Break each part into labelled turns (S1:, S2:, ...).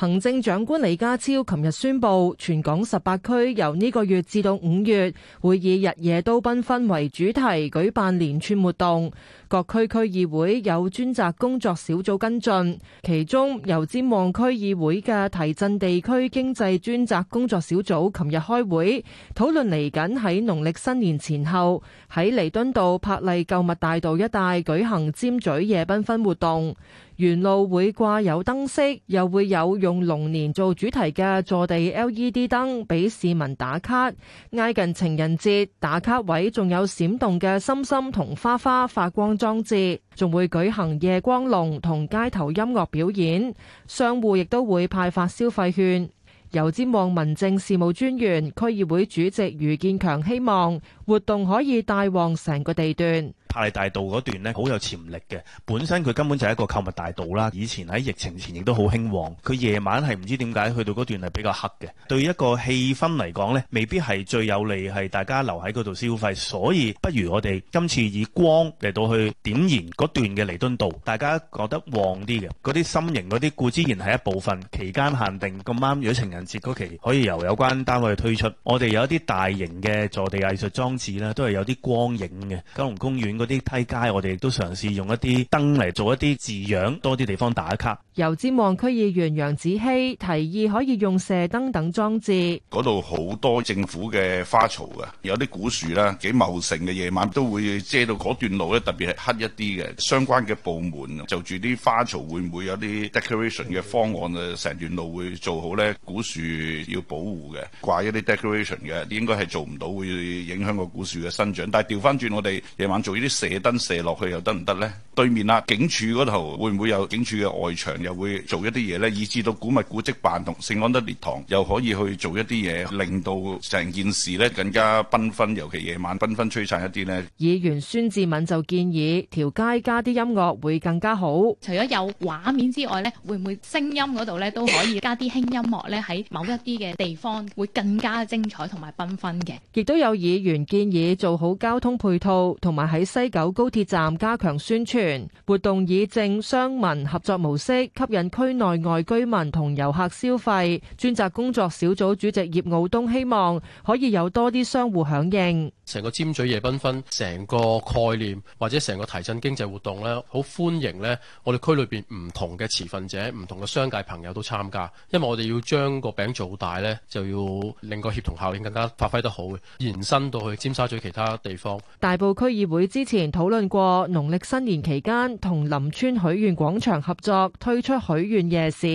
S1: 行政長官李家超琴日宣布，全港十八區由呢個月至到五月，會以日夜都繽紛為主題舉辦連串活動。各區區議會有專責工作小組跟進，其中油尖旺區議會嘅提振地區經濟專責工作小組，琴日開會討論嚟緊喺農曆新年前後喺彌敦道柏麗購物大道一帶舉行尖咀夜繽紛活動。沿路會掛有燈飾，又會有用龍年做主題嘅坐地 LED 燈俾市民打卡。挨近情人節，打卡位仲有閃動嘅心心同花花發光裝置，仲會舉行夜光龍同街頭音樂表演。商戶亦都會派發消費券。油尖旺民政事務專員、區議會主席余建強希望活動可以帶旺成個地段。
S2: 栢麗大道嗰段呢，好有潛力嘅。本身佢根本就係一個購物大道啦。以前喺疫情前亦都好興旺。佢夜晚係唔知點解去到嗰段係比較黑嘅。對於一個氣氛嚟講呢，未必係最有利係大家留喺嗰度消費。所以不如我哋今次以光嚟到去點燃嗰段嘅彌敦道，大家覺得旺啲嘅。嗰啲心形嗰啲固之然係一部分，期間限定咁啱，如果情人節嗰期可以由有關單位去推出。我哋有一啲大型嘅坐地藝術裝置呢都係有啲光影嘅。九龍公園嗰啲梯街，我哋都嘗試用一啲燈嚟做一啲字樣，多啲地方打卡。
S1: 油尖旺區議員楊子希提議可以用射燈等裝置。
S2: 度好多政府嘅花槽
S3: 啊，有啲古樹啦，幾茂盛嘅，夜晚都會遮到段路咧。特別係黑一啲嘅，相關嘅部門就住啲花槽會唔會有啲 decoration 嘅方案啊？成段路會做好咧？古樹要保護嘅，掛一啲 decoration 嘅，應該係做唔到，會影響個古樹嘅生長，但係調翻轉我哋夜晚做呢啲。射燈射落去又得唔得呢？對面啊，警署嗰頭會唔會有警署嘅外牆又會做一啲嘢呢？以至到古物古蹟辦同聖安德烈堂又可以去做一啲嘢，令到成件事呢更加繽紛，尤其夜晚繽紛璀璨一啲呢。
S1: 議員孫志敏就建議條街加啲音樂會更加好。除咗有畫面之外呢，會唔會聲音嗰度呢都可以加啲輕音樂呢？喺某一啲嘅地方 會更加精彩同埋繽紛嘅。亦都有議員建議做好交通配套，同埋喺。西九高鐵站加強宣傳活動，以政商民合作模式吸引區內外居民同遊客消費。專責工作小組主席葉傲東希望可以有多啲商戶響應。
S2: 成個尖咀夜繽紛，成個概念或者成個提振經濟活動呢，好歡迎呢，我哋區裏邊唔同嘅持份者、唔同嘅商界朋友都參加，因為我哋要將個餅做大呢，就要令個協同效應更加發揮得好，延伸到去尖沙咀其他地方。
S1: 大埔區議會之。前討論過，農曆新年期間同林村許願廣場合作推出許願夜市，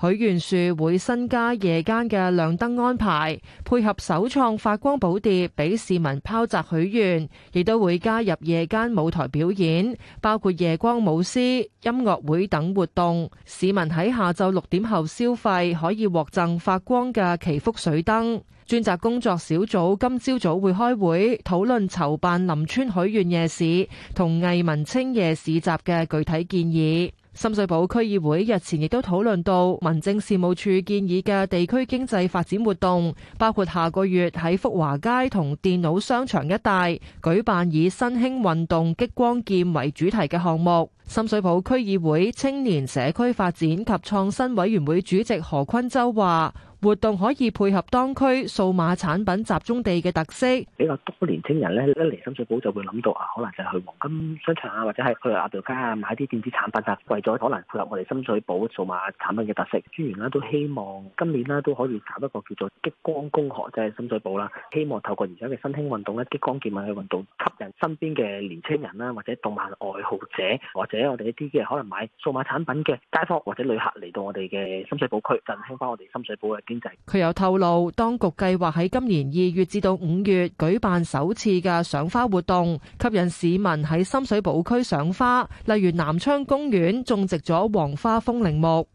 S1: 許願樹會新加夜間嘅亮燈安排，配合首創發光寶碟俾市民拋擲許願，亦都會加入夜間舞台表演，包括夜光舞獅、音樂會等活動。市民喺下晝六點後消費可以獲贈發光嘅祈福水燈。專責工作小組今朝早會開會討論籌辦林村許願夜市同藝文青夜市集嘅具體建議。深水埗區議會日前亦都討論到民政事務處建議嘅地區經濟發展活動，包括下個月喺福華街同電腦商場一帶舉辦以新興運動激光劍為主題嘅項目。深水埗區議會青年社區發展及創新委員會主席何坤洲話。活動可以配合當區數碼產品集中地嘅特色，比較多年青人咧，一嚟深水埗就會諗到啊，可能就係去黃金商場啊，或者係去鴨寮街啊買啲電子產品啊，為咗可能配合我哋深水埗數碼產品嘅特色，專員呢都希望今年呢都可以搞一個叫做激光工學，即係深水埗啦，希望透過而家嘅新興運動咧，激光健美嘅運動，吸引身邊嘅年青人啦，或者動漫愛好者，或者我哋一啲嘅可能買數碼產品嘅街坊或者旅客嚟到我哋嘅深水埗區，振興翻我哋深水埗嘅。佢又透露，當局計劃喺今年二月至到五月舉辦首次嘅賞花活動，吸引市民喺深水埗區賞花，例如南昌公園種植咗黃花風鈴木。